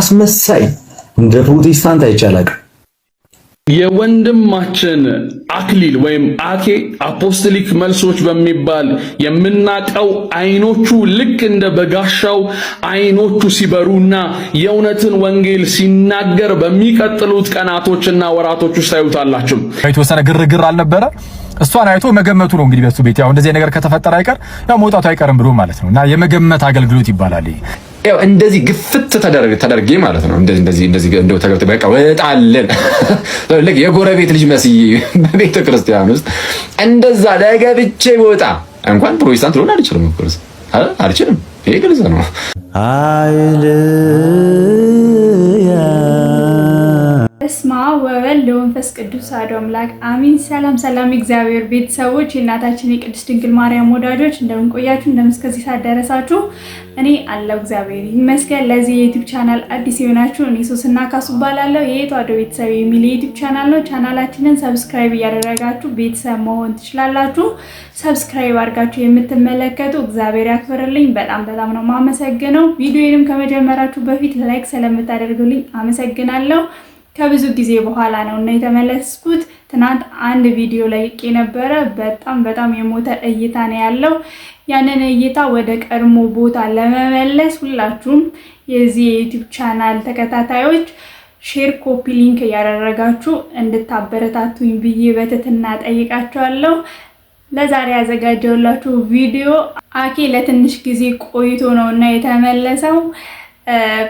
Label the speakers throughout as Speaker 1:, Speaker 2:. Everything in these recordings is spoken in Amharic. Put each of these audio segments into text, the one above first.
Speaker 1: አስመሳይ እንደ ፕሮቴስታንት አይቻላቅም።
Speaker 2: የወንድማችን አክሊል ወይም አኬ አፖስቶሊክ መልሶች በሚባል የምናቀው አይኖቹ ልክ እንደ በጋሻው አይኖቹ ሲበሩና የእውነትን ወንጌል ሲናገር በሚቀጥሉት ቀናቶችና ወራቶች ውስጥ ታዩታላችሁ።
Speaker 3: የተወሰነ ግርግር አልነበረ። እሷን አይቶ መገመቱ ነው እንግዲህ በሱ ቤት ያው እንደዚህ ነገር ከተፈጠረ አይቀር ያው መውጣቱ አይቀርም ብሎ ማለት ነው እና የመገመት አገልግሎት ይባላል።
Speaker 1: ያው እንደዚህ ግፍት ተደረገ ተደርጌ ማለት ነው። እንደዚህ እንደዚህ እንደዚህ እንደው ተገብተህ በቃ ወጣለን ወጣልን የጎረቤት ልጅ መስዬ በቤተ ክርስቲያን ውስጥ እንደዛ ለገብቼ ወጣ እንኳን ፕሮቴስታንት ልሆን አልችልም። አልችልም። ይሄ ግልጽ ነው
Speaker 4: አይል
Speaker 5: በስመ አብ ወወልድ ወመንፈስ ቅዱስ አሐዱ አምላክ አሚን። ሰላም ሰላም፣ እግዚአብሔር ቤተሰቦች የእናታችን የቅድስት ድንግል ማርያም ወዳጆች እንደምን ቆያችሁ? እንደምን እስከዚህ ሰዓት ደረሳችሁ? እኔ አለው እግዚአብሔር ይመስገን። ለዚህ የዩቲዩብ ቻናል አዲስ የሆናችሁ እኔ ሶስና ካሱ እባላለሁ። የተዋሕዶ ቤተሰብ የሚል የዩቲዩብ ቻናል ነው። ቻናላችንን ሰብስክራይብ እያደረጋችሁ ቤተሰብ መሆን ትችላላችሁ። ሰብስክራይብ አድርጋችሁ የምትመለከቱ እግዚአብሔር ያክብርልኝ። በጣም በጣም ነው ማመሰግነው። ቪዲዮንም ከመጀመራችሁ በፊት ላይክ ስለምታደርጉልኝ አመሰግናለሁ። ከብዙ ጊዜ በኋላ ነው እና የተመለስኩት። ትናንት አንድ ቪዲዮ ለቅቄ ነበረ። በጣም በጣም የሞተ እይታ ነው ያለው። ያንን እይታ ወደ ቀድሞ ቦታ ለመመለስ ሁላችሁም የዚህ የዩቲዩብ ቻናል ተከታታዮች ሼር፣ ኮፒ ሊንክ እያደረጋችሁ እንድታበረታቱኝ ብዬ በትትና ጠይቃችኋለሁ። ለዛሬ ያዘጋጀውላችሁ ቪዲዮ አኬ ለትንሽ ጊዜ ቆይቶ ነው እና የተመለሰው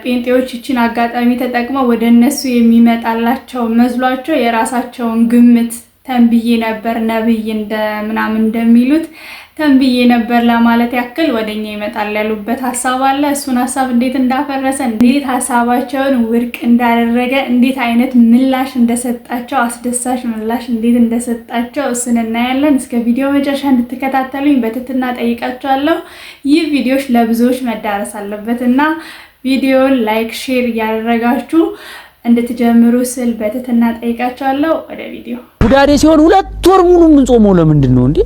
Speaker 5: ጴንጤዎች ይችን አጋጣሚ ተጠቅመው ወደ እነሱ የሚመጣላቸው መስሏቸው የራሳቸውን ግምት ተንብዬ ነበር ነብይ እንደ ምናምን እንደሚሉት ተንብዬ ነበር ለማለት ያክል ወደኛ ይመጣል ያሉበት ሀሳብ አለ። እሱን ሀሳብ እንዴት እንዳፈረሰ፣ እንዴት ሀሳባቸውን ውድቅ እንዳደረገ፣ እንዴት አይነት ምላሽ እንደሰጣቸው፣ አስደሳች ምላሽ እንዴት እንደሰጣቸው እሱን እናያለን። እስከ ቪዲዮ መጨረሻ እንድትከታተሉኝ በትህትና ጠይቃቸዋለሁ። ይህ ቪዲዮች ለብዙዎች መዳረስ አለበት እና ቪዲዮን ላይክ፣ ሼር እያደረጋችሁ እንድትጀምሩ ስል በትህትና ጠይቃችኋለሁ። ወደ ቪዲዮ
Speaker 3: ጉዳዴ ሲሆን ሁለት ወር ሙሉ የምንጾመው ለምንድን ነው እንዴ?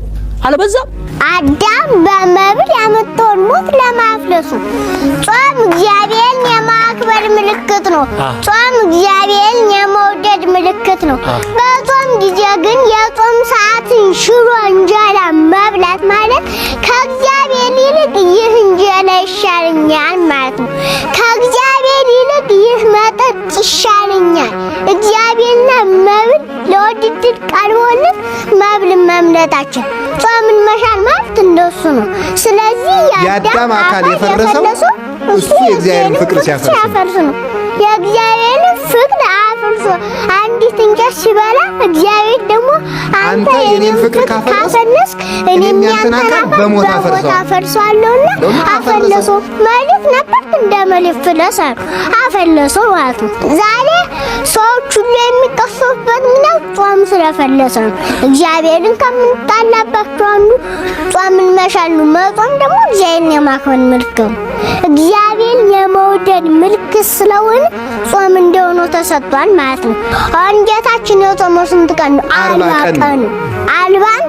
Speaker 3: አልበዛም?
Speaker 6: አዳም በመብል ያመጣውን ሞት ለማፍለሱ ጾም እግዚአብሔርን የማክበር ምልክት ነው። ጾም እግዚአብሔርን የመውደድ ምልክት ነው። በጾም ጊዜ ግን የጾም ሰዓትን ሽሮ እንጀራ መብላት ማለት ከእግዚአብሔር ይልቅ ይህ እንጀራ ይሻለኛል ማለት ነው። ከእግዚአብሔር ይልቅ ይህ መጠጥ ይሻለኛል። እግዚአብሔርና መብል ለውድድር ቀርቦልን መብል መምረጣችን ጾምን መሻር ማለት እንደሱ ነው። ስለዚህ የአዳም አካል የፈረሰው እሱ የእግዚአብሔርን ፍቅር ሲያፈርስ ነው። የእግዚአብሔርን ፍቅር አፍርሶ አንዲት እንጨት ሲበላ እግዚአብሔር ደግሞ አንተ የኔን ፍቅር ካፈለስክ እኔም ያንተን በሞት አፈርሳለሁና አፈለሶ ማለት ነበር። እንደመለፍለሰ አፈለሶ ማለት ነው። ዛሬ ሰዎች ሁሉ የሚቀሰፉበት ነው። ጾም ስለፈለሰ ነው። እግዚአብሔርን ከምንጣላባቸው አንዱ ጾምን መሻል ነው። መጾም ደግሞ እግዚአብሔርን የማክበር ምልክት ነው። እግዚአብሔርን የመውደድ ምልክት ስለሆነ ጾም እንደሆነ ተሰጥቷል ማለት ነው። የጌታችን የጾመው ስንት ቀን ነው? አርባ ቀን። አርባን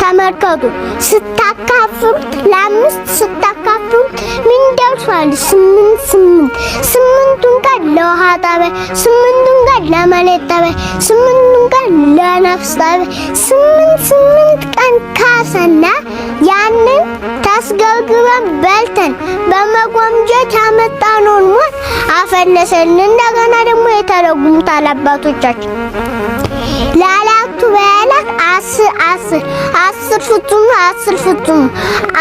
Speaker 6: ተመልከቱ። ስታካፍሉት ለአምስት ስታካፍሉት ምን ደርሷል? ስምንት ስምንት ስምንቱን ቀን ለውሃ ጠባይ፣ ስምንቱን ቀን ለመሬት ጠባይ፣ ስምንቱን ቀን ለነፍስ ጠባይ፣ ስምንት ስምንት ቀን ካሰና ያንን ታስገብግበን በልተን በመጎምጀት ያመጣነውን ሞት አፈለሰን። እንደገና ደግሞ የተረጉሙታል አባቶቻችን ለአራቱ በዓላት አስር አስር አስር ፍጹም አስር ፍጹም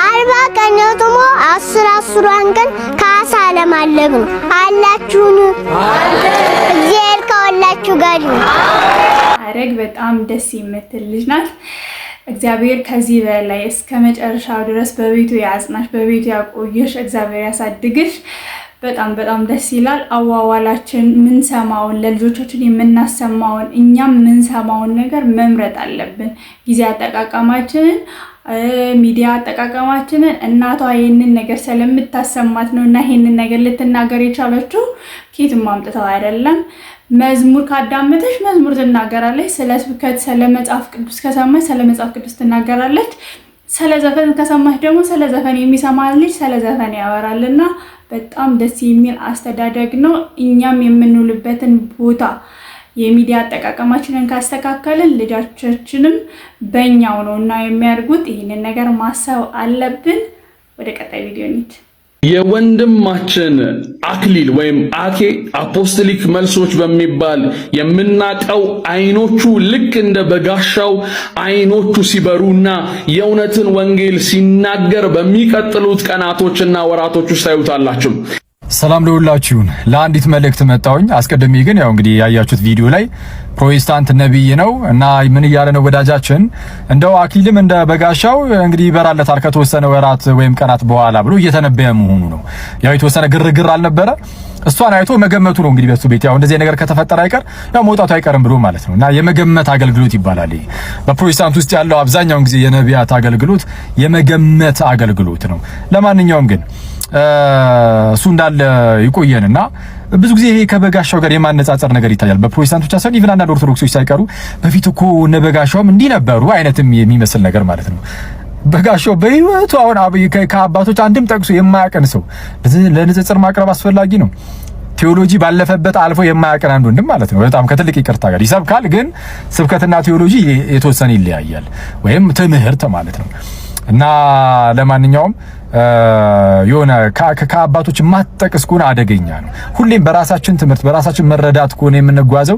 Speaker 6: አርባ ቀን ደግሞ አስር አስሯን ቀን ካሳ ለማለብ ነው። አላችሁን? እግዚአብሔር ከሁላችሁ ጋር ይሁን።
Speaker 5: ሐረግ በጣም ደስ የምትል ልጅ ናት። እግዚአብሔር ከዚህ በላይ እስከ መጨረሻው ድረስ በቤቱ ያጽናሽ፣ በቤቱ ያቆየሽ፣ እግዚአብሔር ያሳድግሽ። በጣም በጣም ደስ ይላል። አዋዋላችን ምንሰማውን ለልጆቻችን የምናሰማውን እኛም ምንሰማውን ነገር መምረጥ አለብን። ጊዜ አጠቃቀማችንን ሚዲያ አጠቃቀማችንን እናቷ ይህንን ነገር ስለምታሰማት ነው እና ይህንን ነገር ልትናገር የቻለችው ኬትም አምጥተው አይደለም። መዝሙር ካዳመጠች መዝሙር ትናገራለች። ስለ ስብከት፣ ስለ መጽሐፍ ቅዱስ ከሰማች ስለ መጽሐፍ ቅዱስ ትናገራለች። ስለ ዘፈን ከሰማች ደግሞ ስለ ዘፈን የሚሰማ ልጅ ስለ ዘፈን ያወራልና በጣም ደስ የሚል አስተዳደግ ነው። እኛም የምንውልበትን ቦታ የሚዲያ አጠቃቀማችንን ካስተካከልን ልጆቻችንም በእኛው ነው እና የሚያድጉት። ይህንን ነገር ማሰብ አለብን። ወደ ቀጣይ ቪዲዮ እንሂድ።
Speaker 2: የወንድማችን አክሊል ወይም አኬ አፖስቶሊክ መልሶች በሚባል የምናቀው አይኖቹ ልክ እንደ በጋሻው አይኖቹ ሲበሩና የእውነትን ወንጌል ሲናገር በሚቀጥሉት ቀናቶችና ወራቶች ውስጥ ታዩታላችሁ።
Speaker 3: ሰላም ለሁላችሁ ለአንዲት መልእክት መጣሁኝ። አስቀድሜ ግን ያው እንግዲህ ያያችሁት ቪዲዮ ላይ ፕሮቴስታንት ነብይ ነው እና ምን እያለ ነው ወዳጃችን? እንደው አክሊልም እንደ በጋሻው እንግዲህ ይበራለታል ከተወሰነ ወራት ወይም ቀናት በኋላ ብሎ እየተነበየ መሆኑ ነው። ያው የተወሰነ ግርግር አልነበረ እሷን አይቶ መገመቱ ነው እንግዲህ በሱ ቤት ያው እንደዚህ ነገር ከተፈጠረ አይቀር ያው መውጣቱ አይቀርም ብሎ ማለት ነው። እና የመገመት አገልግሎት ይባላል። በፕሮቴስታንት ውስጥ ያለው አብዛኛውን ጊዜ የነቢያት አገልግሎት የመገመት አገልግሎት ነው። ለማንኛውም ግን እሱ እንዳለ ይቆየንና ብዙ ጊዜ ይሄ ከበጋሻው ጋር የማነጻጸር ነገር ይታያል። በፕሮቴስታንቶች ሳይሆን ኢቭን አንዳንድ ኦርቶዶክሶች ሳይቀሩ በፊት እኮ እነ በጋሻውም እንዲህ ነበሩ አይነትም የሚመስል ነገር ማለት ነው። በጋሻው በህይወቱ አሁን ከአባቶች አንድም ጠቅሶ የማያቀን ሰው ለንጽጽር ማቅረብ አስፈላጊ ነው። ቴዎሎጂ ባለፈበት አልፎ የማያቀን አንድ ወንድም ማለት ነው። በጣም ከትልቅ ይቅርታ ጋር ይሰብካል፣ ግን ስብከትና ቴዎሎጂ የተወሰነ ይለያያል፣ ወይም ትምህርት ማለት ነው እና ለማንኛውም የሆነ ከአባቶች ማትጠቅስ ከሆነ አደገኛ ነው። ሁሌም በራሳችን ትምህርት በራሳችን መረዳት ከሆነ የምንጓዘው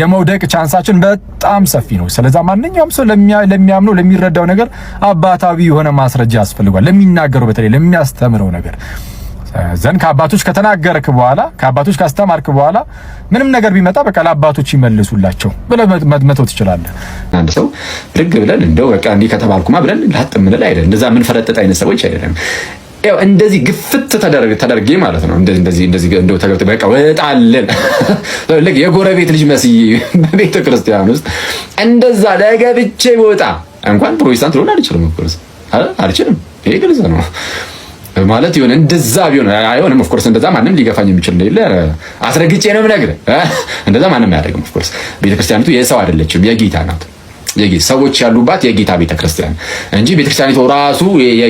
Speaker 3: የመውደቅ ቻንሳችን በጣም ሰፊ ነው። ስለዛ ማንኛውም ሰው ለሚያምነው ለሚረዳው ነገር አባታዊ የሆነ ማስረጃ ያስፈልጓል። ለሚናገረው በተለይ ለሚያስተምረው ነገር ዘንድ ከአባቶች ከተናገርክ በኋላ ከአባቶች ካስተማርክ በኋላ ምንም ነገር ቢመጣ በቃ ለአባቶች ይመልሱላቸው ብለህ መተው ትችላለህ።
Speaker 1: አንድ ሰው ብድግ ብለን እንደው በቃ እንዲህ ከተባልኩማ ብለን ላጥ የምንል አይደለም። እንደዛ ምን የምንፈረጥጥ አይነት ሰዎች አይደለም። ያው እንደዚህ ግፍት ተደርጌ ማለት ነው። እንደዚህ እንደዚህ እንደዚህ እንደው ተገብተህ በቃ ወጣልን የጎረቤት ልጅ መስዬ በቤተ ክርስቲያን ውስጥ እንደዛ ለገብቼ ወጣ እንኳን ፕሮቴስታንት ልሆን አልችልም። አልችልም። ይሄ ግልጽ ነው። ማለት የሆነ እንደዛ ቢሆን አይሆንም። ኦፍ ኮርስ እንደዛ ማንም ሊገፋኝ የሚችል እንደሌለ አስረግጬ ነው የምነግርህ። እንደዛ ማንም አያደርግም። ኦፍ ኮርስ ቤተክርስቲያኒቱ የሰው አይደለችም፣ የጌታ ናት። ሰዎች ያሉባት የጌታ ቤተክርስቲያን እንጂ ቤተክርስቲያኒቱ ራሱ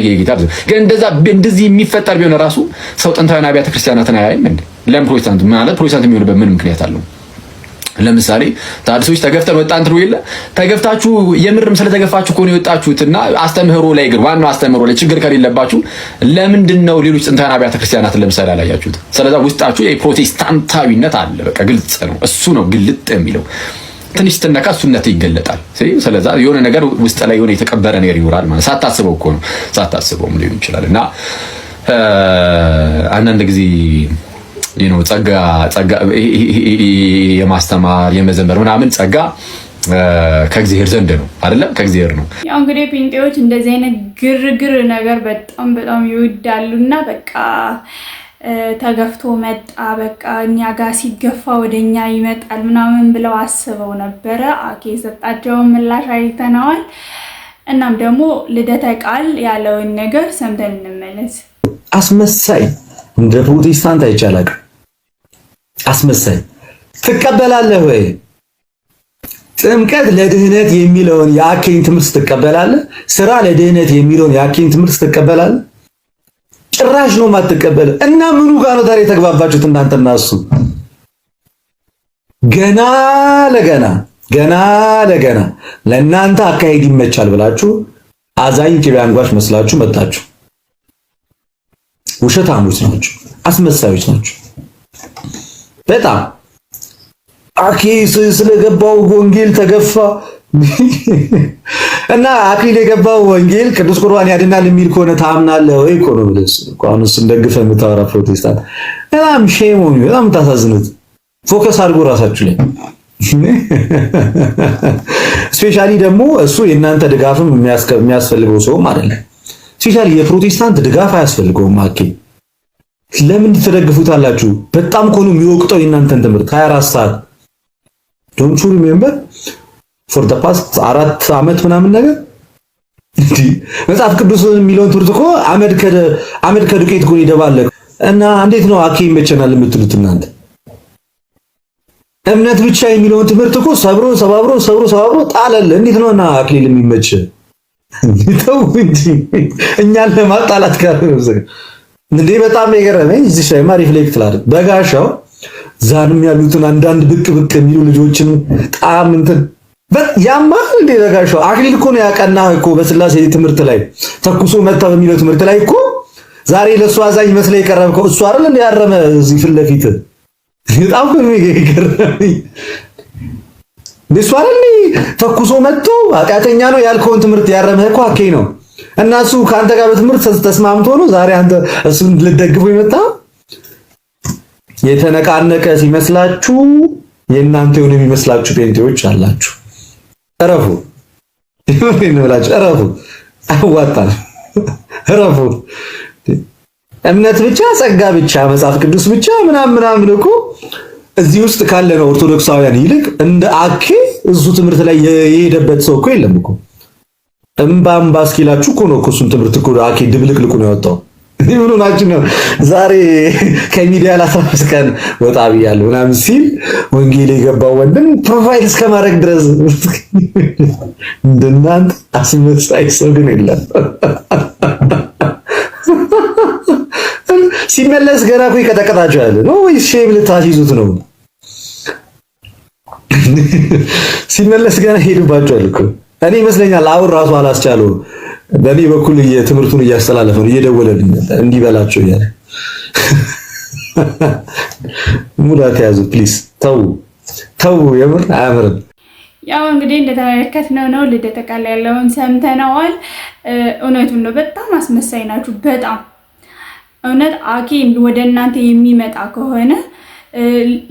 Speaker 1: የጌታ ግን እንደዛ እንደዚህ የሚፈጠር ቢሆን ራሱ ሰው ጥንታዊን አብያተ ክርስቲያናትን አያይም እንዴ? ለምን ፕሮቴስታንት ማለት ፕሮቴስታንት የሚሆንበት ምን ምክንያት አለው? ለምሳሌ ታድሶች ተገፍተ ወጣን ትሉ የለ ተገፍታችሁ የምርም ስለተገፋችሁ ከሆነ የወጣችሁትና አስተምህሮ ላይ ግን ዋናው አስተምህሮ ላይ ችግር ከሌለባችሁ ለምንድን ነው ሌሎች ጥንታዊ አብያተ ክርስቲያናት ለምሳሌ አላያችሁት? ስለዛ ውስጣችሁ የፕሮቴስታንታዊነት አለ። በቃ ግልጽ ነው። እሱ ነው ግልጥ የሚለው ትንሽ ስትነካ እሱነት ይገለጣል። ስለዛ የሆነ ነገር ውስጥ ላይ የሆነ የተቀበረ ነገር ይኖራል ማለት ሳታስበው እኮ ነው። ሳታስበውም ሊሆን ይችላል እና አንዳንድ ጊዜ ጸጋ የማስተማር የመዘመር ምናምን ጸጋ ከእግዚአብሔር ዘንድ ነው አይደለም፣ ከእግዚአብሔር ነው።
Speaker 5: ያው እንግዲህ ጴንጤዎች እንደዚህ አይነት ግርግር ነገር በጣም በጣም ይወዳሉ እና በቃ ተገፍቶ መጣ በቃ እኛ ጋር ሲገፋ ወደ እኛ ይመጣል ምናምን ብለው አስበው ነበረ። አኬ የሰጣቸውን ምላሽ አይተነዋል። እናም ደግሞ ልደተ ቃል ያለውን ነገር ሰምተን እንመለስ።
Speaker 1: አስመሳይ እንደ ፕሮቴስታንት አይቻላቅም አስመሳይ ትቀበላለህ ወይ? ጥምቀት ለድህነት የሚለውን የአኬኝ ትምህርት ትቀበላለህ? ስራ ለድህነት የሚለውን የአኬኝ ትምህርት ትቀበላለህ? ጭራሽ ነው ማትቀበል እና ምኑ ጋር ነው ታዲያ የተግባባችሁት እናንተና እሱ? ገና ለገና ገና ለገና ለእናንተ አካሄድ ይመቻል ብላችሁ አዛኝ ቅቤ አንጓች መስላችሁ መጣችሁ። ውሸታሞች ናችሁ፣ አስመሳዮች ናችሁ። በጣም አኬ ስለገባው ወንጌል ተገፋ እና አክሊል የገባው ወንጌል ቅዱስ ቁርባን ያድናል የሚል ከሆነ ታምናለህ ወይ? እኮ ነው ብለህ አሁን እሱን ደግፈህ የምታወራ ፕሮቴስታንት በጣም ሼም ሆኑ። በጣም የምታሳዝኑት ፎከስ አድርጎ ራሳችሁ ላይ ስፔሻሊ ደግሞ እሱ የእናንተ ድጋፍም የሚያስፈልገው ሰውም አይደለም። ስፔሻሊ የፕሮቴስታንት ድጋፍ አያስፈልገውም አኬ ለምን ትደግፉታላችሁ? በጣም ኮኑ የሚወቅጠው የእናንተን ትምህርት 24 ሰዓት ዶንት ዩ ሪሜምበር ፎር ዘ ፓስት አራት አመት ምናምን ነገር እንዴ መጽሐፍ ቅዱስ የሚለውን ትምህርት እኮ አመድ ከዱቄት ጎን ይደባለ እና እንዴት ነው አኬ ይመቸናል የምትሉት እናንተ? እምነት ብቻ የሚለውን ትምህርት እኮ ሰብሮ ሰባብሮ ሰብሮ ሰባብሮ ጣለል። እንዴት ነው እና አክሊል የሚመች ተው እንጂ እኛን ለማጣላት ጋር ነው እንዴ በጣም የገረመኝ እዚህ ላይ ማሪፍ ሪፍሌክት ላድርግ። በጋሻው ዛንም ያሉትን አንዳንድ ብቅ ብቅ የሚሉ ልጆችን ጣም እንትን ያማህ እንዴ በጋሻው አክሊል እኮ ነው ያቀና እኮ በስላሴ ትምህርት ላይ ተኩሶ መታ በሚለው ትምህርት ላይ እኮ ዛሬ ለእሱ አዛኝ መስለ የቀረብከው እሱ አይደል እንዴ ያረመ እዚህ ፊት ለፊት በጣም ነው የገረመኝ። እሱ አይደል ተኩሶ መጥቶ ኃጢአተኛ ነው ያልከውን ትምህርት ያረመህ እኮ አኬ ነው እና እሱ ከአንተ ጋር በትምህርት ተስማምቶ ነው ዛሬ አንተ እሱን ልደግፉ የመጣ የተነቃነቀ ሲመስላችሁ የእናንተ የሆነ የሚመስላችሁ ጴንጤዎች አላችሁ። እረፉ፣ ይመብላችሁ፣ እረፉ። አዋጣል፣ እረፉ። እምነት ብቻ ጸጋ ብቻ መጽሐፍ ቅዱስ ብቻ ምናምን ምናምን እኮ እዚህ ውስጥ ካለ ነው ኦርቶዶክሳውያን ይልቅ እንደ አኬ እሱ ትምህርት ላይ የሄደበት ሰው እኮ የለም እኮ እምባ እምባ እስኪላችሁ እኮ ነው እሱን ትምህርት እኮ አኬ ድብልቅልቁ ነው ያወጣው። እዚህ ምን ሆናችሁ ነው ዛሬ ከሚዲያ ለአስራ አምስት ቀን ወጣ ብያለሁ ምናምን ሲል ወንጌል የገባው ወንድም ፕሮፋይል እስከማድረግ ድረስ እንደናንተ አስመሳይ ሰው ግን የለም። ሲመለስ ገና እኮ ይቀጠቀጣችኋል ነው ወይስ ሼም ልታስይዙት ነው? ሲመለስ ገና ሄዱባችኋል እኮ እኔ ይመስለኛል አሁን ራሱ አላስቻሉ በእኔ በኩል ትምህርቱን እያስተላለፈ ነው፣ እየደወለልኝ እንዲበላቸው እያለ ሙላት ያዙ። ፕሊስ ተው ተው፣ የምር አያምርም።
Speaker 5: ያው እንግዲህ እንደተመለከትነው ነው ልደተ ቃል ያለውን ሰምተነዋል። እውነቱን ነው። በጣም አስመሳይ ናችሁ። በጣም እውነት አኬ ወደ እናንተ የሚመጣ ከሆነ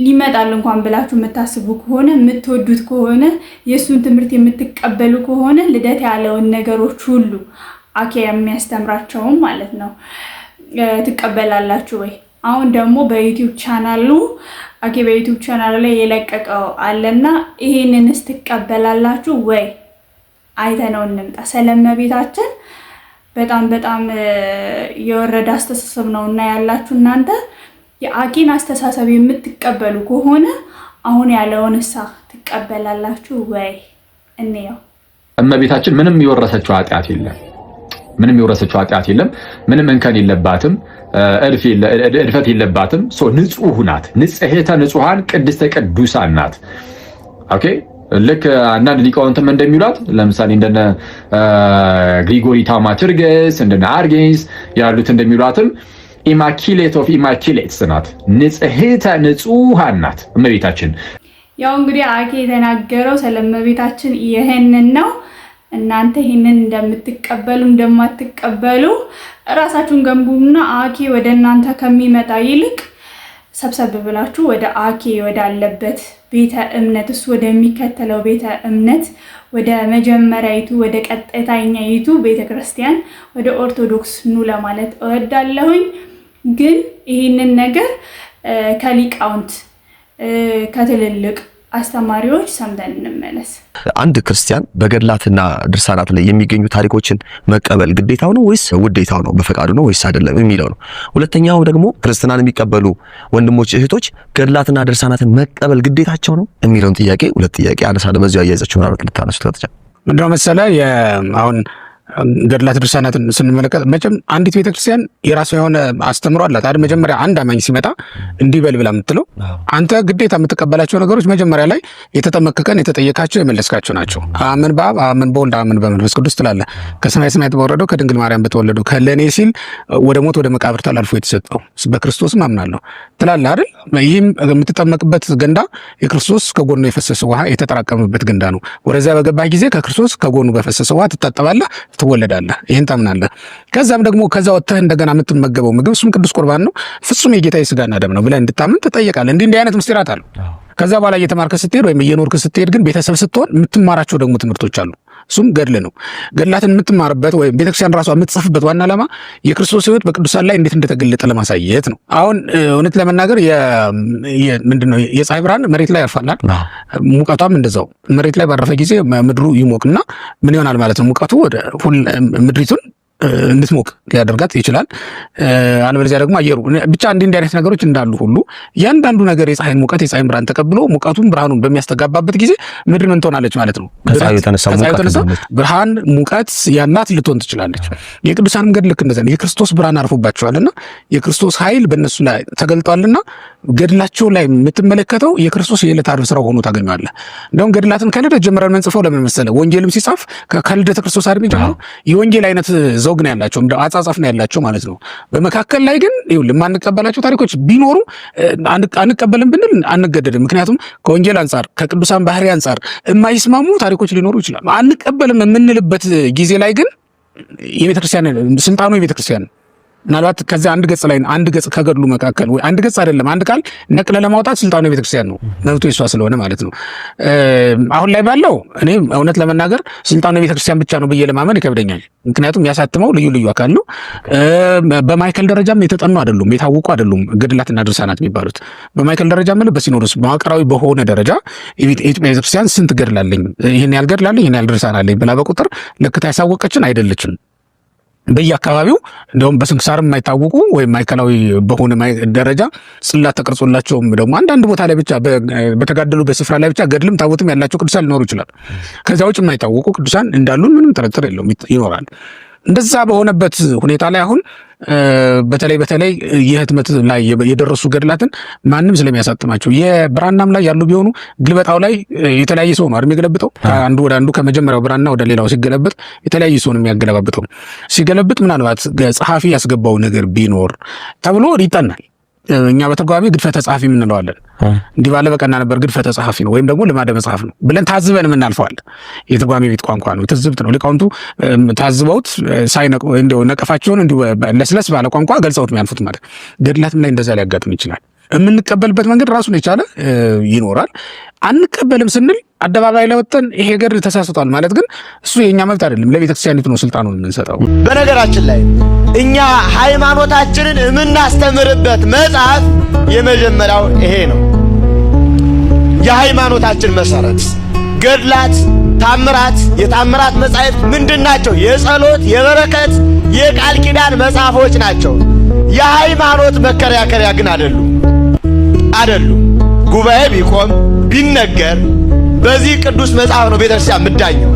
Speaker 5: ሊመጣል እንኳን ብላችሁ የምታስቡ ከሆነ የምትወዱት ከሆነ የእሱን ትምህርት የምትቀበሉ ከሆነ ልደት ያለውን ነገሮች ሁሉ አኬ የሚያስተምራቸውም ማለት ነው ትቀበላላችሁ ወይ? አሁን ደግሞ በዩቲዩብ ቻናሉ አኬ በዩቲዩብ ቻናሉ ላይ የለቀቀው አለና ይሄንንስ ትቀበላላችሁ ወይ? አይተነው እንምጣ። ስለመቤታችን በጣም በጣም የወረደ አስተሳሰብ ነው እና ያላችሁ እናንተ የአኪን አስተሳሰብ የምትቀበሉ ከሆነ አሁን ያለውን እሳ ትቀበላላችሁ ወይ? እንየው።
Speaker 1: እመቤታችን ምንም የወረሰችው ኃጢአት የለም። ምንም የወረሰችው ኃጢአት የለም። ምንም እንከን የለባትም። እድፈት የለባትም። ንጹህ ናት። ንጽሄተ ንጹሐን ቅድስተ ቅዱሳን ናት። ኦኬ ልክ አንዳንድ ሊቃውንትም እንደሚሏት ለምሳሌ እንደነ ግሪጎሪ ታውማቲርገስ እንደነ አርጌንስ ያሉት እንደሚሏትም ኢማኪሌት ኦፍ ኢማኪሌትስ ናት፣ ንጽሕተ ንጹሃን ናት እመቤታችን።
Speaker 5: ያው እንግዲህ አኬ የተናገረው ስለ እመቤታችን ይህንን ነው። እናንተ ይህንን እንደምትቀበሉ እንደማትቀበሉ እራሳችሁን ገንቡና አኬ ወደ እናንተ ከሚመጣ ይልቅ ሰብሰብ ብላችሁ ወደ አኬ ወዳለበት ቤተ እምነት እሱ ወደሚከተለው ቤተ እምነት ወደ መጀመሪያይቱ ወደ ቀጣይታኛይቱ ቤተ ክርስቲያን ወደ ኦርቶዶክስ ኑ ለማለት እወዳለሁኝ። ግን ይህንን ነገር ከሊቃውንት ከትልልቅ አስተማሪዎች ሰምተን እንመለስ።
Speaker 1: አንድ ክርስቲያን በገድላትና ድርሳናት ላይ የሚገኙ ታሪኮችን መቀበል ግዴታው ነው ወይስ ውዴታው ነው? በፈቃዱ ነው ወይስ አይደለም የሚለው ነው። ሁለተኛው ደግሞ ክርስትናን የሚቀበሉ ወንድሞች እህቶች ገድላትና ድርሳናትን መቀበል ግዴታቸው ነው የሚለውን ጥያቄ ሁለት ጥያቄ አነሳ። ለመዚ ያያይዛቸው ምናልባት ልታነሱ ትለጥጫ
Speaker 3: ምንድነው መሰለ አሁን ገድላት ድርሳናትን ስንመለከት መቼም አንዲት ቤተክርስቲያን የራሷ የሆነ አስተምሮ አላት አይደል? መጀመሪያ አንድ አማኝ ሲመጣ እንዲበል ብላ የምትለው አንተ ግዴታ የምትቀበላቸው ነገሮች መጀመሪያ ላይ የተጠመቅከን የተጠየካቸው የመለስካቸው ናቸው። አምን በአብ አምን በወልድ አምን በመንፈስ ቅዱስ ትላለ። ከሰማይ ሰማያት በወረደው ከድንግል ማርያም በተወለደው ከለኔ ሲል ወደ ሞት ወደ መቃብር ተላልፎ የተሰጠው በክርስቶስም አምናለሁ ትላለ አይደል? ይህም የምትጠመቅበት ገንዳ የክርስቶስ ከጎኑ የፈሰሰ ውሃ የተጠራቀመበት ገንዳ ነው። ወደዚያ በገባህ ጊዜ ከክርስቶስ ከጎኑ በፈሰሰ ውሃ ትታጠባለህ ትወለዳለህ። ይህን ታምናለህ። ከዛም ደግሞ ከዛ ወጥተህ እንደገና የምትመገበው ምግብ እሱም ቅዱስ ቁርባን ነው፣ ፍጹም የጌታዬ ስጋና ደም ነው ብለህ እንድታምን ትጠየቃለህ። እንዲህ እንዲህ አይነት ምስጢራት አሉ። ከዛ በኋላ እየተማርክ ስትሄድ ወይም እየኖርክ ስትሄድ ግን ቤተሰብ ስትሆን የምትማራቸው ደግሞ ትምህርቶች አሉ። እሱም ገድል ነው። ገድላትን የምትማርበት ወይም ቤተክርስቲያን ራሷ የምትጽፍበት ዋና ዓላማ የክርስቶስ ሕይወት በቅዱሳን ላይ እንዴት እንደተገለጠ ለማሳየት ነው። አሁን እውነት ለመናገር ምንድነው የፀሐይ ብርሃን መሬት ላይ ያርፋላል። ሙቀቷም እንደዛው መሬት ላይ ባረፈ ጊዜ ምድሩ ይሞቅና ምን ይሆናል ማለት ነው ሙቀቱ ወደ ምድሪቱን እንድትሞቅ ሊያደርጋት ይችላል። አለበለዚያ ደግሞ አየሩ ብቻ እንዲህ እንዲህ አይነት ነገሮች እንዳሉ ሁሉ እያንዳንዱ ነገር የፀሐይን ሙቀት የፀሐይን ብርሃን ተቀብሎ ሙቀቱን ብርሃኑን በሚያስተጋባበት ጊዜ ምድር ምን ትሆናለች ማለት ነው?
Speaker 1: ከፀሐይ የተነሳ
Speaker 3: ብርሃን ሙቀት ያናት ልትሆን ትችላለች። የቅዱሳንም ገድል ልክ እንደዚያ የክርስቶስ ብርሃን አርፎባቸዋልና የክርስቶስ ኃይል በእነሱ ላይ ተገልጧልና ገድላቸው ላይ የምትመለከተው የክርስቶስ የዕለት አድር ስራው ሆኖ ታገኘዋለህ። እንደውም ገድላትን ከልደት ጀምረን መንጽፈው ለምን መሰለህ? ወንጌልም ሲጻፍ ከልደተ ክርስቶስ አድሜ ጀምሮ የወንጌል አይነት ዘው ዘውግ ነው ያላቸው አጻጻፍ ነው ያላቸው ማለት ነው። በመካከል ላይ ግን ይኸውልህ የማንቀበላቸው ታሪኮች ቢኖሩ አንቀበልም ብንል አንገደድም። ምክንያቱም ከወንጌል አንጻር ከቅዱሳን ባህሪ አንጻር የማይስማሙ ታሪኮች ሊኖሩ ይችላል። አንቀበልም የምንልበት ጊዜ ላይ ግን የቤተክርስቲያን ስልጣኑ የቤተክርስቲያን ምናልባት ከዚ አንድ ገጽ ላይ አንድ ገጽ ከገድሉ መካከል ወይ አንድ ገጽ አይደለም አንድ ቃል ነቅለ ለማውጣት ስልጣኑ የቤተክርስቲያን ነው፣ መብቱ የሷ ስለሆነ ማለት ነው። አሁን ላይ ባለው እኔ እውነት ለመናገር ስልጣኑ የቤተክርስቲያን ብቻ ነው ብዬ ለማመን ይከብደኛል። ምክንያቱም ያሳትመው ልዩ ልዩ አካል ነው። በማይከል ደረጃም የተጠኑ አይደሉም፣ የታወቁ አይደሉም ገድላትና ድርሳናት የሚባሉት በማይከል ደረጃ ምል በሲኖዶስ መዋቅራዊ በሆነ ደረጃ ኢትዮጵያ ቤተክርስቲያን ስንት ገድላለኝ ይህን ያልገድላለኝ፣ ይህን ያልድርሳናለኝ ብላ በቁጥር ለክታ ያሳወቀችን አይደለችም። በየአካባቢው እንደውም በስንክሳር የማይታወቁ ወይም ማዕከላዊ በሆነ ደረጃ ጽላት ተቀርጾላቸውም ደግሞ አንዳንድ ቦታ ላይ ብቻ በተጋደሉበት ስፍራ ላይ ብቻ ገድልም ታቦትም ያላቸው ቅዱሳን ሊኖሩ ይችላል። ከዚያ ውጭ የማይታወቁ ቅዱሳን እንዳሉን ምንም ጥርጥር የለውም፣ ይኖራል። እንደዛ በሆነበት ሁኔታ ላይ አሁን በተለይ በተለይ የህትመት ላይ የደረሱ ገድላትን ማንም ስለሚያሳትማቸው የብራናም ላይ ያሉ ቢሆኑ ግልበጣው ላይ የተለያየ ሰው ነው አድሜ የገለብጠው ከአንዱ ወደ አንዱ ከመጀመሪያው ብራና ወደ ሌላው ሲገለብጥ የተለያየ ሰው ነው የሚያገለባብጠው። ሲገለብጥ ምናልባት ጸሐፊ ያስገባው ነገር ቢኖር ተብሎ ይጠናል። እኛ በተጓሚ ግድፈተ ጸሐፊ የምንለዋለን። እንዲህ ባለ በቀና ነበር ግድፈተ ጸሐፊ ነው ወይም ደግሞ ልማደ መጽሐፍ ነው ብለን ታዝበን የምናልፈዋለን። የተጓሚ ቤት ቋንቋ ነው፣ ትዝብት ነው። ሊቃውንቱ ታዝበውት ነቀፋቸውን እንዲ ለስለስ ባለ ቋንቋ ገልጸውት የሚያልፉት ማለት ገድላትም ላይ እንደዛ ሊያጋጥም ይችላል። የምንቀበልበት መንገድ ራሱን የቻለ ይኖራል። አንቀበልም ስንል አደባባይ ላይ ይሄ ገር ተሳስቷል ማለት ግን እሱ የኛ መብት አይደለም፣ ለቤተክርስቲያኒቱ ነው ስልጣኑን የምንሰጠው።
Speaker 1: በነገራችን ላይ እኛ ሃይማኖታችንን የምናስተምርበት መጽሐፍ የመጀመሪያው ይሄ ነው። የሃይማኖታችን መሰረት ገድላት፣ ታምራት፣ የታምራት መጻሕፍት ምንድን ናቸው? የጸሎት የበረከት የቃል ኪዳን መጽሐፎች ናቸው። የሃይማኖት መከራከሪያ ግን አይደሉም አይደሉም። ጉባኤ ቢቆም ቢነገር በዚህ ቅዱስ መጽሐፍ ነው ቤተክርስቲያን ምዳኘው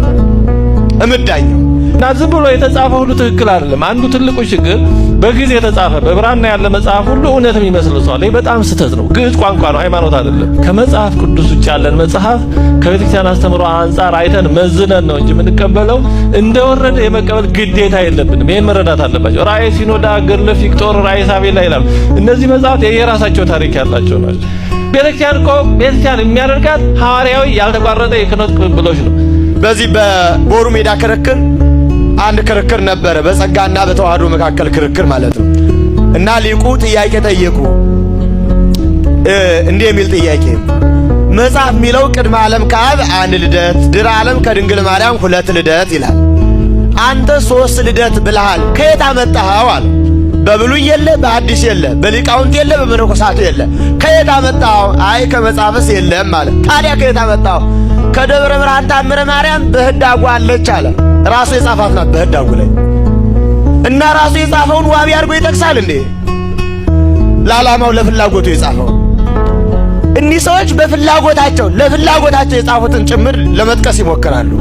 Speaker 1: እምዳኘው
Speaker 3: እና ዝም ብሎ የተጻፈ ሁሉ ትክክል አይደለም። አንዱ ትልቁ ችግር በጊዜ የተጻፈ በብራና ያለ መጽሐፍ ሁሉ እውነትም ይመስልሰዋል። ይህ በጣም ስህተት ነው። ግዕዝ ቋንቋ ነው፣ ሃይማኖት አይደለም። ከመጽሐፍ ቅዱስ ውጭ ያለን መጽሐፍ ከቤተክርስቲያን አስተምሮ አንጻር አይተን መዝነን ነው እንጂ የምንቀበለው እንደወረደ የመቀበል ግዴታ የለብንም። ይህን መረዳት አለባቸው። ራይ ሲኖዳ፣ ገድለ ፊቅጦር፣ ራእየ ሳቤላ ይላሉ። እነዚህ መጽሐፍት የየራሳቸው ታሪክ ያላቸው ናቸው። ቤተክርስቲያን እኮ ቤተክርስቲያን የሚያደርጋት ሐዋርያዊ ያልተቋረጠ የክህነት ቅብብሎች ነው።
Speaker 1: በዚህ በቦሩ ሜዳ ክርክር አንድ ክርክር ነበረ፣ በጸጋና በተዋህዶ መካከል ክርክር ማለት ነው። እና ሊቁ ጥያቄ ጠየቁ፣ እንዲህ የሚል ጥያቄ መጽሐፍ የሚለው ቅድመ ዓለም ከአብ አንድ ልደት፣ ድረ ዓለም ከድንግል ማርያም ሁለት ልደት ይላል። አንተ ሶስት ልደት ብልሃል፣ ከየት አመጣኸው አለ በብሉይ የለ፣ በአዲስ የለ፣ በሊቃውንት የለ፣ በመነኮሳት የለ። ከየት አመጣው? አይ ከመጻፍስ የለም አለ። ታዲያ ከየት አመጣው? ከደብረ ብርሃን ታምረ ማርያም በህዳጉ አለች አለ። ራሱ የጻፋት ናት በህዳጉ ላይ እና ራሱ የጻፈውን ዋቢ አድርጎ ይጠቅሳል እንዴ? ለዓላማው ለፍላጎቱ የጻፈው እኒህ ሰዎች በፍላጎታቸው ለፍላጎታቸው የጻፉትን ጭምር ለመጥቀስ ይሞክራሉ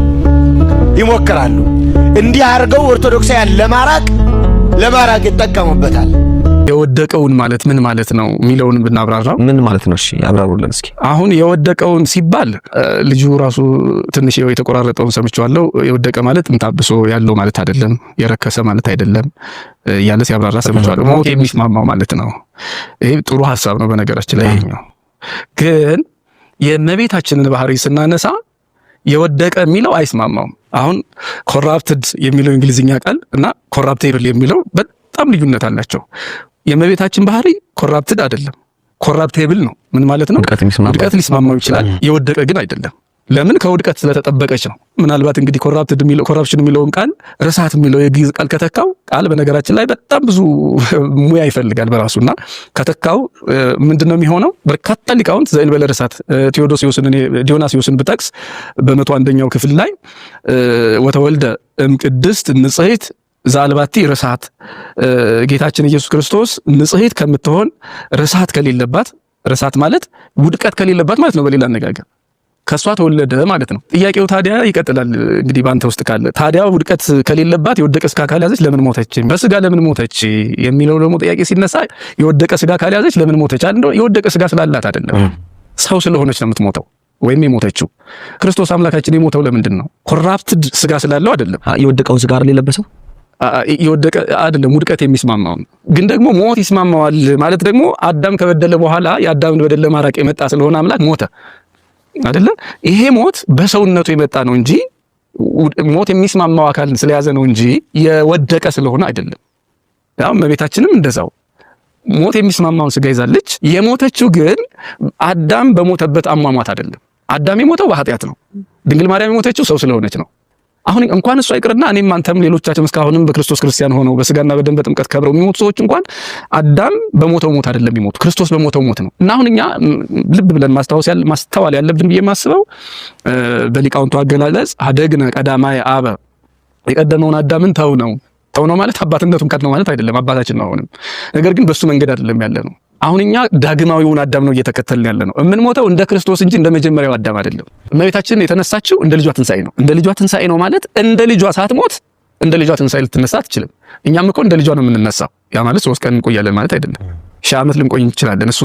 Speaker 1: ይሞክራሉ። እንዲህ አድርገው ኦርቶዶክሳውያን ለማራቅ ለማራቅ ይጠቀሙበታል። የወደቀውን ማለት ምን ማለት ነው የሚለውን ብናብራራው ምን ማለት ነው? እሺ አብራሩልን እስኪ። አሁን የወደቀውን ሲባል ልጁ ራሱ ትንሽ የተቆራረጠውን ሰምቼዋለሁ። የወደቀ ማለት እንታብሶ ያለው ማለት አይደለም፣ የረከሰ ማለት አይደለም እያለ ሲያብራራ ሰምቼዋለሁ። ሞት የሚስማማው ማለት ነው። ይሄ ጥሩ ሀሳብ ነው። በነገራችን ላይ ይሄኛው ግን የእመቤታችንን ባህሪ ስናነሳ የወደቀ የሚለው አይስማማውም። አሁን ኮራፕትድ የሚለው እንግሊዝኛ ቃል እና ኮራፕቴብል የሚለው በጣም ልዩነት አላቸው። የእመቤታችን ባህሪ ኮራፕትድ አይደለም፣ ኮራፕቴብል ነው። ምን ማለት ነው? ውድቀት ሊስማማው ይችላል፣ የወደቀ ግን አይደለም። ለምን ከውድቀት ስለተጠበቀች ነው። ምናልባት እንግዲህ ኮራፕትድ የሚለው ኮራፕሽን የሚለውን ቃል ርሳት የሚለው የግዕዝ ቃል ከተካው ቃል በነገራችን ላይ በጣም ብዙ ሙያ ይፈልጋል በራሱና ከተካው ምንድን ነው የሚሆነው? በርካታ ሊቃውንት ዘእንበለ ርሳት ቴዎዶሲዎስን ዲዮናሲዎስን ብጠቅስ በመቶ አንደኛው ክፍል ላይ ወተወልደ እምቅድስት ንጽሕት ዛልባቲ ርሳት ጌታችን ኢየሱስ ክርስቶስ ንጽሕት ከምትሆን ርሳት ከሌለባት ርሳት ማለት ውድቀት ከሌለባት ማለት ነው። በሌላ አነጋገር ከእሷ ተወለደ ማለት ነው። ጥያቄው ታዲያ ይቀጥላል እንግዲህ በአንተ ውስጥ ካለ ታዲያ ውድቀት ከሌለባት የወደቀ ስጋ ካልያዘች ለምን ሞተች? በስጋ ለምን ሞተች የሚለው ደግሞ ጥያቄ ሲነሳ የወደቀ ስጋ ካልያዘች ለምን ሞተች? አንዱ የወደቀ ስጋ ስላላት አይደለም፣ ሰው ስለሆነች ነው የምትሞተው ወይም የሞተችው። ክርስቶስ አምላካችን የሞተው ለምንድን ነው? ኮራፕትድ ስጋ ስላለው አይደለም። የወደቀውን ስጋ አይደል የለበሰው የወደቀ አይደለም ውድቀት የሚስማማው ግን ደግሞ ሞት ይስማማዋል ማለት ደግሞ አዳም ከበደለ በኋላ የአዳምን በደል ለማራቅ የመጣ ስለሆነ አምላክ ሞተ አይደለ? ይሄ ሞት በሰውነቱ የመጣ ነው እንጂ ሞት የሚስማማው አካል ስለያዘ ነው እንጂ የወደቀ ስለሆነ አይደለም። ያው እመቤታችንም እንደዛው ሞት የሚስማማውን ስጋ ይዛለች። የሞተችው ግን አዳም በሞተበት አሟሟት አይደለም። አዳም የሞተው በኃጢአት ነው። ድንግል ማርያም የሞተችው ሰው ስለሆነች ነው። አሁን እንኳን እሱ አይቅርና እኔም አንተም ሌሎቻችን እስካሁንም በክርስቶስ ክርስቲያን ሆነው በስጋና በደም በጥምቀት ከብረው የሚሞቱ ሰዎች እንኳን አዳም በሞተው ሞት አይደለም የሚሞቱ ክርስቶስ በሞተው ሞት ነው። እና አሁን እኛ ልብ ብለን ማስታወስ ያለ ማስተዋል ያለብን ብዬ የማስበው በሊቃውንቱ አገላለጽ አደግነ ቀዳማየ አበ የቀደመውን አዳምን ተው ነው ተው ነው ማለት አባትነቱን ቀድነው ማለት አይደለም። አባታችን ነው አሁንም ነገር ግን በሱ መንገድ አይደለም ያለ ነው አሁን እኛ ዳግማዊውን አዳም ነው እየተከተልን ያለ ነው። የምንሞተው እንደ ክርስቶስ እንጂ እንደ መጀመሪያው አዳም አይደለም። እመቤታችን የተነሳችው እንደ ልጇ ትንሳኤ ነው። እንደ ልጇ ትንሳኤ ነው ማለት እንደ ልጇ ሳትሞት እንደ ልጇ ትንሳኤ ልትነሳ አትችልም። እኛም እኮ እንደ ልጇ ነው የምንነሳው። ያ ማለት ሶስት ቀን እንቆያለን ማለት አይደለም። ሺህ ዓመት ልንቆይ እንችላለን። እሱ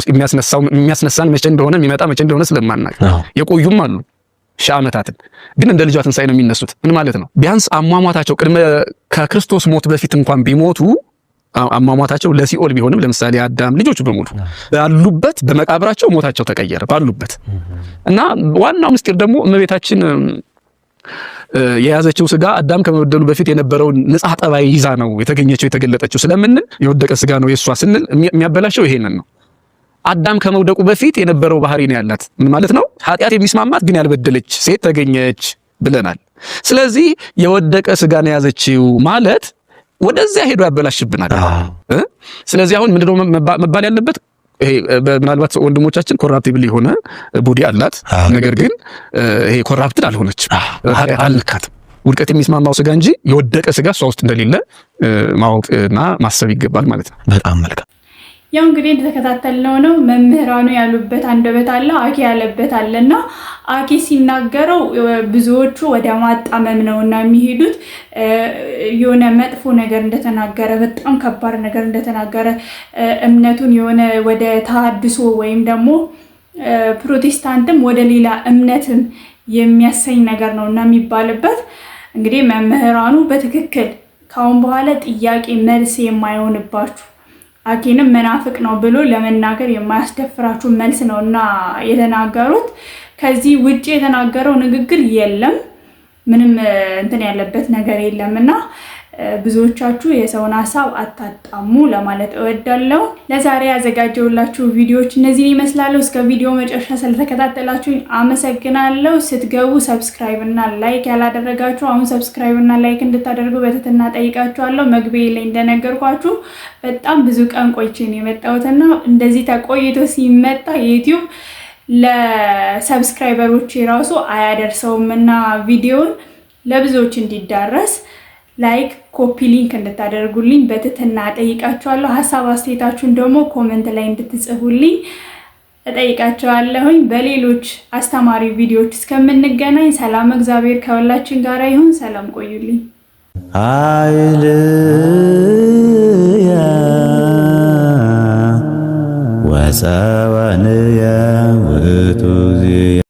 Speaker 1: የሚያስነሳን መቼ እንደሆነ የሚመጣ መቼ እንደሆነ ስለማናቅ የቆዩም አሉ ሺህ ዓመታትን ግን እንደ ልጇ ትንሳኤ ነው የሚነሱት። ምን ማለት ነው? ቢያንስ አሟሟታቸው ቅድመ ከክርስቶስ ሞት በፊት እንኳን ቢሞቱ አሟሟታቸው ለሲኦል ቢሆንም ለምሳሌ አዳም ልጆች በሙሉ ባሉበት በመቃብራቸው ሞታቸው ተቀየረ ባሉበት እና ዋናው ምስጢር ደግሞ እመቤታችን የያዘችው ስጋ አዳም ከመበደሉ በፊት የነበረውን ንጻ ጠባይ ይዛ ነው የተገኘችው የተገለጠችው ስለምንል የወደቀ ስጋ ነው የእሷ ስንል የሚያበላሸው ይሄንን ነው። አዳም ከመውደቁ በፊት የነበረው ባህሪ ነው ያላት። ምን ማለት ነው? ኃጢአት የሚስማማት ግን ያልበደለች ሴት ተገኘች ብለናል። ስለዚህ የወደቀ ስጋን የያዘችው ማለት ወደዚያ ሄዶ ያበላሽብናል። ስለዚህ አሁን ምንድነው መባል ያለበት? ይሄ ምናልባት ወንድሞቻችን ኮራፕቲብል የሆነ ቦዲ አላት፣ ነገር ግን ይሄ ኮራፕትድ አልሆነችም፣ አልነካትም። ውድቀት የሚስማማው ስጋ እንጂ የወደቀ ስጋ እሷ ውስጥ እንደሌለ ማወቅና ማሰብ ይገባል ማለት ነው። በጣም መልካም። ያው እንግዲህ እንደተከታተልነው ነው መምህራኑ ያሉበት አንደበት አለ፣ አኬ ያለበት አለ እና አኬ ሲናገረው ብዙዎቹ ወደ ማጣመም ነው እና የሚሄዱት የሆነ መጥፎ ነገር እንደተናገረ በጣም ከባድ ነገር እንደተናገረ እምነቱን የሆነ ወደ ተሃድሶ ወይም ደግሞ ፕሮቴስታንትም ወደ ሌላ እምነትም የሚያሰኝ ነገር ነው እና የሚባልበት እንግዲህ መምህራኑ በትክክል ከአሁን በኋላ ጥያቄ መልስ የማይሆንባችሁ አኬንም መናፍቅ ነው ብሎ ለመናገር የማያስደፍራችሁ መልስ ነው እና የተናገሩት። ከዚህ ውጭ የተናገረው ንግግር የለም። ምንም እንትን ያለበት ነገር የለም እና ብዙዎቻችሁ የሰውን ሀሳብ አታጣሙ ለማለት እወዳለሁ። ለዛሬ ያዘጋጀውላችሁ ቪዲዮዎች እነዚህን ይመስላሉ። እስከ ቪዲዮ መጨረሻ ስለተከታተላችሁኝ አመሰግናለሁ። ስትገቡ ሰብስክራይብ እና ላይክ ያላደረጋችሁ አሁን ሰብስክራይብ እና ላይክ እንድታደርጉ በትህትና ጠይቃችኋለሁ። መግቢያ ላይ እንደነገርኳችሁ በጣም ብዙ ቀን ቆይቼ ነው የመጣሁትና እንደዚህ ተቆይቶ ሲመጣ የዩቲዩብ ለሰብስክራይበሮች ራሱ አያደርሰውም እና ቪዲዮን ለብዙዎች እንዲዳረስ ላይክ፣ ኮፒ ሊንክ እንድታደርጉልኝ በትህትና እጠይቃችኋለሁ። ሀሳብ አስተያየታችሁን ደግሞ ኮመንት ላይ እንድትጽፉልኝ እጠይቃችኋለሁኝ። በሌሎች አስተማሪ ቪዲዮዎች እስከምንገናኝ ሰላም፣ እግዚአብሔር ከሁላችን ጋር ይሁን። ሰላም ቆዩልኝ። ሃይልየ ወሰወንየ ውእቱ